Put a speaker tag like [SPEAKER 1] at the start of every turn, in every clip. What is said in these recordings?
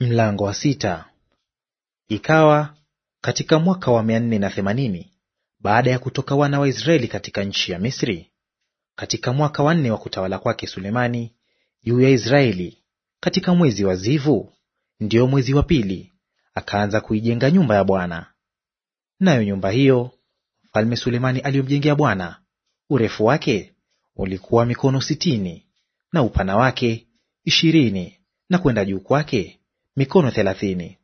[SPEAKER 1] Mlango wa sita. Ikawa katika mwaka wa mia nne na themanini baada ya kutoka wana wa Israeli katika nchi ya Misri, katika mwaka wa nne wa kutawala kwake Sulemani juu ya Israeli, katika mwezi wa Zivu, ndio mwezi wa pili, akaanza kuijenga nyumba ya Bwana. Nayo nyumba hiyo mfalme Sulemani aliyomjengea Bwana, urefu wake ulikuwa mikono sitini na upana wake ishirini na kwenda juu kwake mikono thelathini.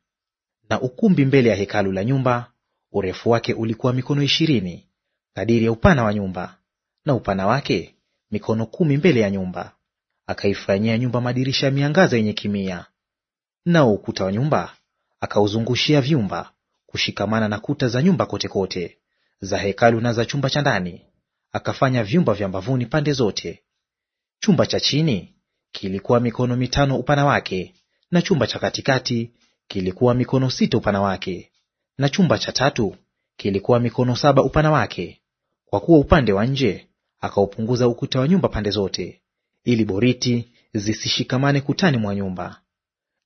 [SPEAKER 1] Na ukumbi mbele ya hekalu la nyumba urefu wake ulikuwa mikono ishirini kadiri ya upana wa nyumba, na upana wake mikono kumi mbele ya nyumba. Akaifanyia nyumba madirisha ya miangaza yenye kimia. Nao ukuta wa nyumba akauzungushia vyumba kushikamana na kuta za nyumba kote kote za hekalu na za chumba cha ndani, akafanya vyumba vya mbavuni pande zote. Chumba cha chini kilikuwa mikono mitano upana wake na chumba cha katikati kilikuwa mikono sita upana wake, na chumba cha tatu kilikuwa mikono saba upana wake, kwa kuwa upande wa nje akaupunguza ukuta wa nyumba pande zote, ili boriti zisishikamane kutani mwa nyumba.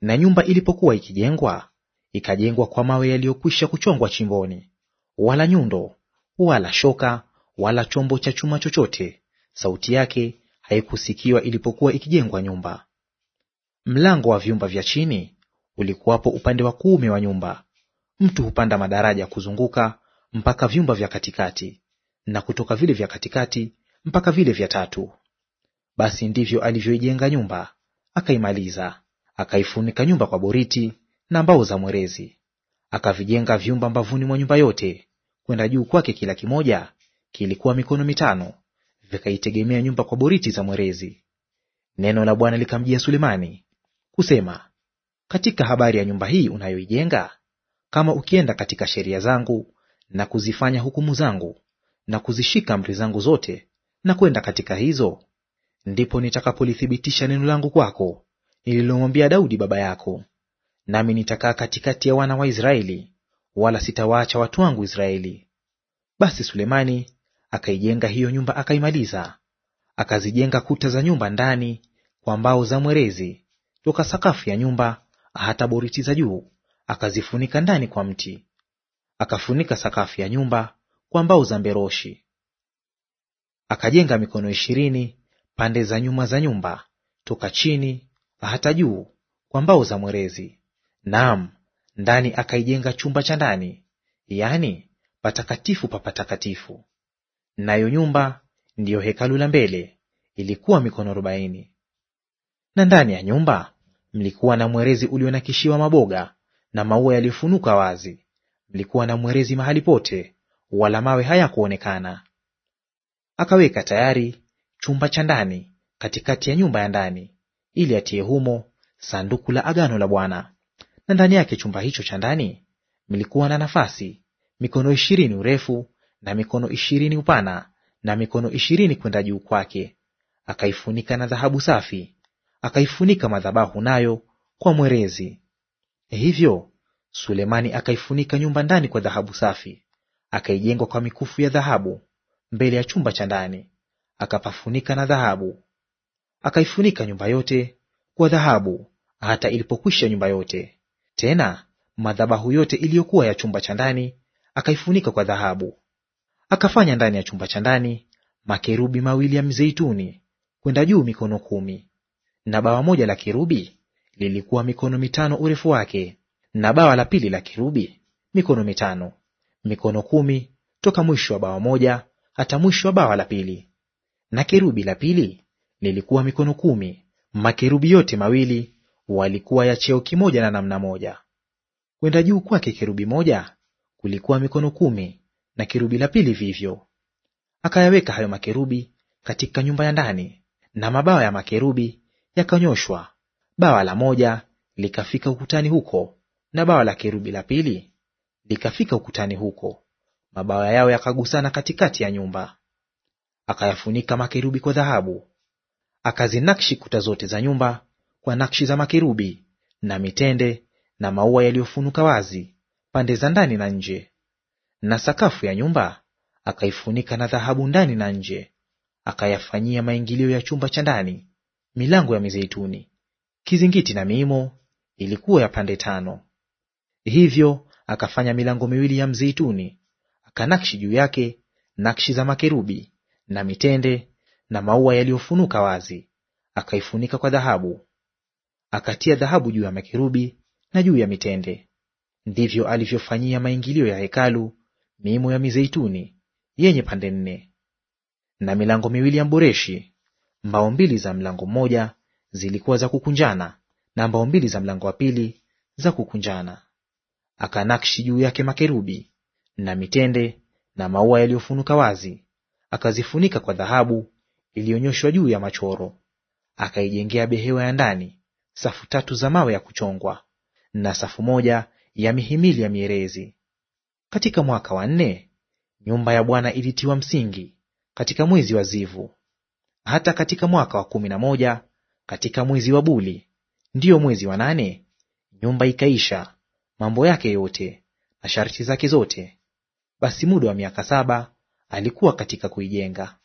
[SPEAKER 1] Na nyumba ilipokuwa ikijengwa, ikajengwa kwa mawe yaliyokwisha kuchongwa chimboni, wala nyundo wala shoka wala chombo cha chuma chochote sauti yake haikusikiwa ilipokuwa ikijengwa nyumba. Mlango wa vyumba vya chini ulikuwapo upande wa kuume wa nyumba. Mtu hupanda madaraja kuzunguka mpaka vyumba vya katikati, na kutoka vile vya katikati mpaka vile vya tatu. Basi ndivyo alivyoijenga nyumba, akaimaliza. Akaifunika nyumba kwa boriti na mbao za mwerezi. Akavijenga vyumba mbavuni mwa nyumba yote, kwenda juu kwake kila kimoja kilikuwa mikono mitano, vikaitegemea nyumba kwa boriti za mwerezi. Neno la Bwana likamjia Sulemani kusema, katika habari ya nyumba hii unayoijenga, kama ukienda katika sheria zangu na kuzifanya hukumu zangu na kuzishika amri zangu zote na kwenda katika hizo, ndipo nitakapolithibitisha neno langu kwako nililomwambia Daudi baba yako. Nami nitakaa katikati ya wana wa Israeli, wala sitawaacha watu wangu Israeli. Basi Sulemani akaijenga hiyo nyumba, akaimaliza. Akazijenga kuta za nyumba ndani kwa mbao za mwerezi toka sakafu ya nyumba hata boriti za juu, akazifunika ndani kwa mti. Akafunika sakafu ya nyumba kwa mbao za mberoshi. Akajenga mikono ishirini pande za nyuma za nyumba toka chini hata juu kwa mbao za mwerezi. Naam, ndani akaijenga chumba cha ndani, yaani patakatifu pa patakatifu. Nayo nyumba ndiyo hekalu la mbele, ilikuwa mikono arobaini. Na ndani ya nyumba mlikuwa na mwerezi ulionakishiwa maboga na maua yaliyofunuka wazi; mlikuwa na mwerezi mahali pote, wala mawe hayakuonekana. Akaweka tayari chumba cha ndani katikati ya nyumba ya ndani, ili atie humo sanduku la agano la Bwana. Na ndani yake chumba hicho cha ndani mlikuwa na nafasi mikono ishirini urefu na mikono ishirini upana na mikono ishirini kwenda juu kwake. Akaifunika na dhahabu safi akaifunika madhabahu nayo kwa mwerezi. E hivyo Sulemani akaifunika nyumba ndani kwa dhahabu safi, akaijengwa kwa mikufu ya dhahabu mbele ya chumba cha ndani, akapafunika na dhahabu. Akaifunika nyumba yote kwa dhahabu hata ilipokwisha nyumba yote. Tena madhabahu yote iliyokuwa ya chumba cha ndani akaifunika kwa dhahabu. Akafanya ndani ya chumba cha ndani makerubi mawili ya mzeituni kwenda juu mikono kumi na bawa moja la kerubi lilikuwa mikono mitano urefu wake, na bawa la pili la kerubi mikono mitano, mikono kumi toka mwisho wa bawa moja hata mwisho wa bawa la pili. Na kerubi la pili lilikuwa mikono kumi. Makerubi yote mawili walikuwa ya cheo kimoja na namna moja. Kwenda juu kwake kerubi moja kulikuwa mikono kumi, na kerubi la pili vivyo. Akayaweka hayo makerubi katika nyumba ya ndani, na mabawa ya makerubi yakanyoshwa, bawa la moja likafika ukutani huko, na bawa la kerubi la pili likafika ukutani huko, mabawa yao yakagusana katikati ya nyumba. Akayafunika makerubi kwa dhahabu. Akazinakshi kuta zote za nyumba kwa nakshi za makerubi na mitende na maua yaliyofunuka wazi pande za ndani na nje. Na sakafu ya nyumba akaifunika na dhahabu ndani na nje. Akayafanyia maingilio ya chumba cha ndani Milango ya mizeituni, kizingiti na miimo ilikuwa ya pande tano. Hivyo akafanya milango miwili ya mzeituni, akanakshi juu yake nakshi za makerubi na mitende na maua yaliyofunuka wazi, akaifunika kwa dhahabu. Akatia dhahabu juu ya makerubi na juu ya mitende. Ndivyo alivyofanyia maingilio ya hekalu miimo ya mizeituni yenye pande nne. Na milango miwili ya mboreshi mbao mbili za mlango mmoja zilikuwa za kukunjana na mbao mbili za mlango wa pili za kukunjana. Akanakshi juu yake makerubi na mitende na maua yaliyofunuka wazi, akazifunika kwa dhahabu iliyonyoshwa juu ya machoro. Akaijengea behewa ya ndani safu tatu za mawe ya kuchongwa na safu moja ya mihimili ya mierezi. Katika mwaka wa nne nyumba ya Bwana ilitiwa msingi katika mwezi wa Zivu hata katika mwaka wa kumi na moja katika mwezi wa Buli, ndiyo mwezi wa nane, nyumba ikaisha, mambo yake yote na sharti zake zote. Basi muda wa miaka saba alikuwa katika kuijenga.